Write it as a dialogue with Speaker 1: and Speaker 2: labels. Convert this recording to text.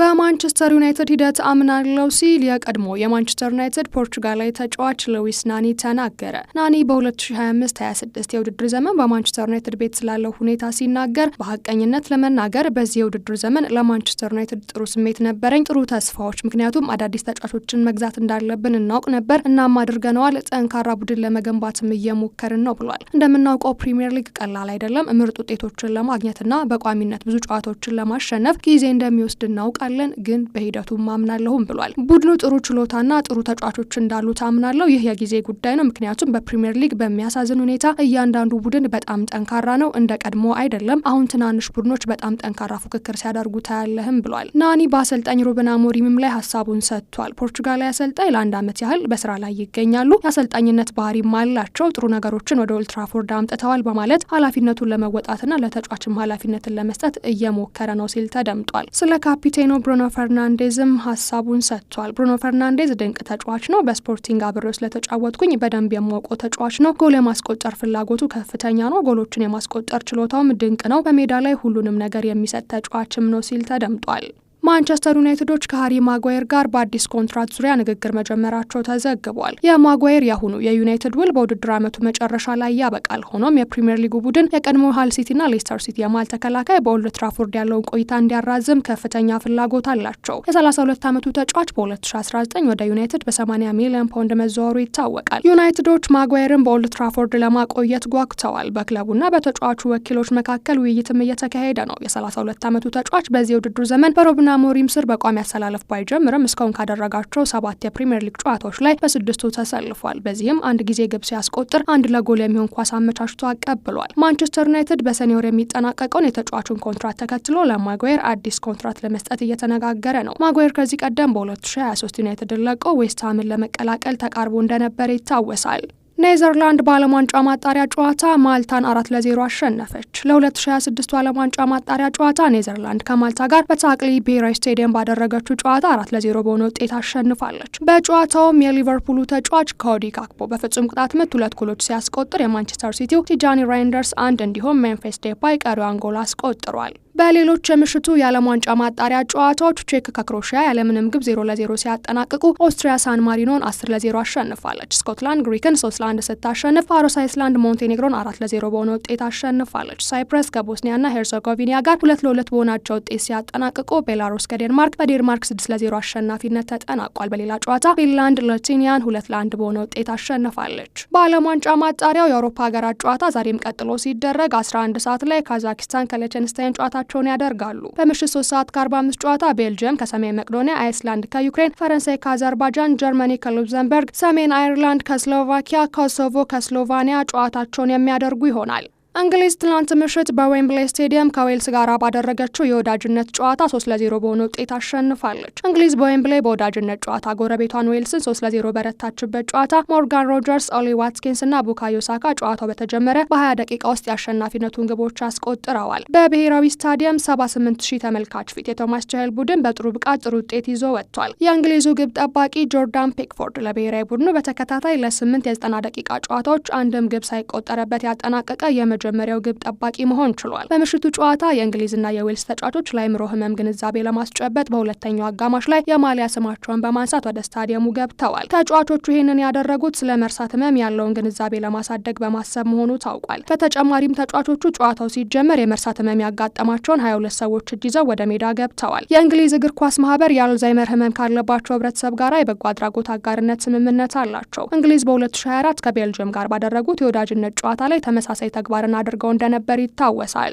Speaker 1: በማንቸስተር ዩናይትድ ሂደት አምናለው ሲል የቀድሞ የማንቸስተር ዩናይትድ ፖርቹጋላዊ ተጫዋች ሉዊስ ናኒ ተናገረ። ናኒ በ2025/26 የውድድር ዘመን በማንቸስተር ዩናይትድ ቤት ስላለው ሁኔታ ሲናገር በሀቀኝነት ለመናገር በዚህ የውድድር ዘመን ለማንቸስተር ዩናይትድ ጥሩ ስሜት ነበረኝ፣ ጥሩ ተስፋዎች። ምክንያቱም አዳዲስ ተጫዋቾችን መግዛት እንዳለብን እናውቅ ነበር፣ እናም አድርገነዋል። ጠንካራ ቡድን ለመገንባትም እየሞከርን ነው ብሏል። እንደምናውቀው ፕሪምየር ሊግ ቀላል አይደለም። ምርጥ ውጤቶችን ለማግኘትና በቋሚነት ብዙ ጨዋታዎችን ለማሸነፍ ጊዜ እንደሚወስድ እናውቃል እንችላለን፣ ግን በሂደቱ ማምናለሁም ብሏል። ቡድኑ ጥሩ ችሎታና ጥሩ ተጫዋቾች እንዳሉት አምናለሁ። ይህ የጊዜ ጉዳይ ነው፣ ምክንያቱም በፕሪምየር ሊግ በሚያሳዝን ሁኔታ እያንዳንዱ ቡድን በጣም ጠንካራ ነው፣ እንደ ቀድሞ አይደለም። አሁን ትናንሽ ቡድኖች በጣም ጠንካራ ፉክክር ሲያደርጉ ታያለህም ብሏል። ናኒ በአሰልጣኝ ሩበን አሞሪምም ላይ ሀሳቡን ሰጥቷል። ፖርቹጋላዊ አሰልጣኝ ለአንድ ዓመት ያህል በስራ ላይ ይገኛሉ። የአሰልጣኝነት ባህሪም አላቸው። ጥሩ ነገሮችን ወደ ኦልትራፎርድ አምጥተዋል በማለት ኃላፊነቱን ለመወጣትና ለተጫዋችም ኃላፊነትን ለመስጠት እየሞከረ ነው ሲል ተደምጧል። ስለ ካፒቴኖ ብሩኖ ፈርናንዴዝም ሀሳቡን ሰጥቷል። ብሩኖ ፈርናንዴዝ ድንቅ ተጫዋች ነው። በስፖርቲንግ አብሬው ስለተጫወትኩኝ በደንብ የማውቀው ተጫዋች ነው። ጎል የማስቆጠር ፍላጎቱ ከፍተኛ ነው። ጎሎችን የማስቆጠር ችሎታውም ድንቅ ነው። በሜዳ ላይ ሁሉንም ነገር የሚሰጥ ተጫዋችም ነው ሲል ተደምጧል። ማንቸስተር ዩናይትዶች ከሀሪ ማጓየር ጋር በአዲስ ኮንትራት ዙሪያ ንግግር መጀመራቸው ተዘግቧል። የማጓየር ያሁኑ የዩናይትድ ውል በውድድር ዓመቱ መጨረሻ ላይ ያበቃል። ሆኖም የፕሪምየር ሊጉ ቡድን የቀድሞ ሃል ሲቲና ሌስተር ሲቲ የማል ተከላካይ በኦልድ ትራፎርድ ያለውን ቆይታ እንዲያራዝም ከፍተኛ ፍላጎት አላቸው። የ32 ዓመቱ ተጫዋች በ2019 ወደ ዩናይትድ በ80 ሚሊዮን ፓውንድ መዘዋወሩ ይታወቃል። ዩናይትዶች ማጓየርን በኦልድ ትራፎርድ ለማቆየት ጓጉተዋል። በክለቡና በተጫዋቹ ወኪሎች መካከል ውይይትም እየተካሄደ ነው። የ32 ዓመቱ ተጫዋች በዚህ የውድድር ዘመን በሮብና በአሞሪም ስር በቋሚ አሰላለፍ ባይጀምርም እስካሁን ካደረጋቸው ሰባት የፕሪምየር ሊግ ጨዋታዎች ላይ በስድስቱ ተሰልፏል። በዚህም አንድ ጊዜ ግብ ሲያስቆጥር አንድ ለጎል የሚሆን ኳስ አመቻችቶ አቀብሏል። ማንቸስተር ዩናይትድ በሰኔወር የሚጠናቀቀውን የተጫዋቹን ኮንትራት ተከትሎ ለማጓየር አዲስ ኮንትራት ለመስጠት እየተነጋገረ ነው። ማጓየር ከዚህ ቀደም በ2023 ዩናይትድን ለቆ ዌስትሃምን ለመቀላቀል ተቃርቦ እንደነበረ ይታወሳል። ኔዘርላንድ በዓለም ዋንጫ ማጣሪያ ጨዋታ ማልታን አራት ለዜሮ አሸነፈች። ለ2026 ዓለም ዋንጫ ማጣሪያ ጨዋታ ኔዘርላንድ ከማልታ ጋር በታቅሊ ብሔራዊ ስቴዲየም ባደረገችው ጨዋታ አራት ለዜሮ በሆነ ውጤት አሸንፋለች። በጨዋታውም የሊቨርፑሉ ተጫዋች ኮዲ ካክፖ በፍጹም ቅጣት ምት ሁለት ጎሎች ሲያስቆጥር የማንቸስተር ሲቲው ቲጃኒ ራይንደርስ አንድ እንዲሁም ሜምፊስ ዴፓይ ቀሪዋን ጎል አስቆጥሯል። በሌሎች የምሽቱ የዓለም ዋንጫ ማጣሪያ ጨዋታዎች ቼክ ከክሮሺያ ያለምንም ግብ ዜሮ ለዜሮ ሲያጠናቅቁ ኦስትሪያ ሳን ማሪኖን ለ0 አሸንፋለች። ስኮትላንድ ግሪክን ለ1 ስታሸንፍ ፋሮስ አይስላንድ ሞንቴኔግሮን ለ ለዜሮ በሆነ ውጤት አሸንፋለች። ሳይፕረስ ከቦስኒያና ሄርዘጎቪኒያ ጋር ሁለት ለሁለት በሆናቸው ውጤት ሲያጠናቅቁ ቤላሩስ ከዴንማርክ በዴንማርክ ለ ለዜሮ አሸናፊነት ተጠናቋል። በሌላ ጨዋታ ፊንላንድ 2 ለ1 በሆነ ውጤት አሸንፋለች። በዓለም ዋንጫ ማጣሪያው የአውሮፓ ሀገራት ጨዋታ ዛሬም ቀጥሎ ሲደረግ 11 ሰዓት ላይ ካዛኪስታን ከለቸንስታይን ጨዋታ ጨዋታቸውን ያደርጋሉ። በምሽት ሶስት ሰዓት ከ45 ጨዋታ ቤልጅየም ከሰሜን መቅዶኒያ፣ አይስላንድ ከዩክሬን፣ ፈረንሳይ ከአዘርባጃን፣ ጀርመኒ ከሉክዘምበርግ፣ ሰሜን አይርላንድ ከስሎቫኪያ፣ ኮሶቮ ከስሎቫኒያ ጨዋታቸውን የሚያደርጉ ይሆናል። እንግሊዝ ትናንት ምሽት በዌምብሌ ስቴዲየም ከዌልስ ጋር ባደረገችው የወዳጅነት ጨዋታ ለ ለዜሮ በሆነ ውጤት አሸንፋለች። እንግሊዝ በዌምብሌ በወዳጅነት ጨዋታ ጎረቤቷን ዌልስን ለ0 በረታችበት ጨዋታ ሞርጋን ሮጀርስ፣ ኦሊ ዋትኪንስ እና ቡካዮ ሳካ ጨዋታው በተጀመረ በ20 ደቂቃ ውስጥ የአሸናፊነቱን ግቦች አስቆጥረዋል። በብሔራዊ ስታዲየም 78 ሺህ ተመልካች ፊት የቶማስ ቻህል ቡድን በጥሩ ብቃት ጥሩ ውጤት ይዞ ወጥቷል። የእንግሊዙ ግብ ጠባቂ ጆርዳን ፒክፎርድ ለብሔራዊ ቡድኑ በተከታታይ ለ8 የ90 ደቂቃ ጨዋታዎች አንድም ግብ ሳይቆጠረበት ያጠናቀቀ የመጀመሪያው ግብ ጠባቂ መሆን ችሏል። በምሽቱ ጨዋታ የእንግሊዝና የዌልስ ተጫዋቾች ለአእምሮ ህመም ግንዛቤ ለማስጨበጥ በሁለተኛው አጋማሽ ላይ የማሊያ ስማቸውን በማንሳት ወደ ስታዲየሙ ገብተዋል። ተጫዋቾቹ ይህንን ያደረጉት ስለ መርሳት ህመም ያለውን ግንዛቤ ለማሳደግ በማሰብ መሆኑ ታውቋል። በተጨማሪም ተጫዋቾቹ ጨዋታው ሲጀመር የመርሳት ህመም ያጋጠማቸውን ሀያ ሁለት ሰዎች እጅ ይዘው ወደ ሜዳ ገብተዋል። የእንግሊዝ እግር ኳስ ማህበር የአልዛይመር ህመም ካለባቸው ህብረተሰብ ጋር የበጎ አድራጎት አጋርነት ስምምነት አላቸው። እንግሊዝ በ2024 ከቤልጅየም ጋር ባደረጉት የወዳጅነት ጨዋታ ላይ ተመሳሳይ ተግባር ። እናደርገው እንደነበር ይታወሳል።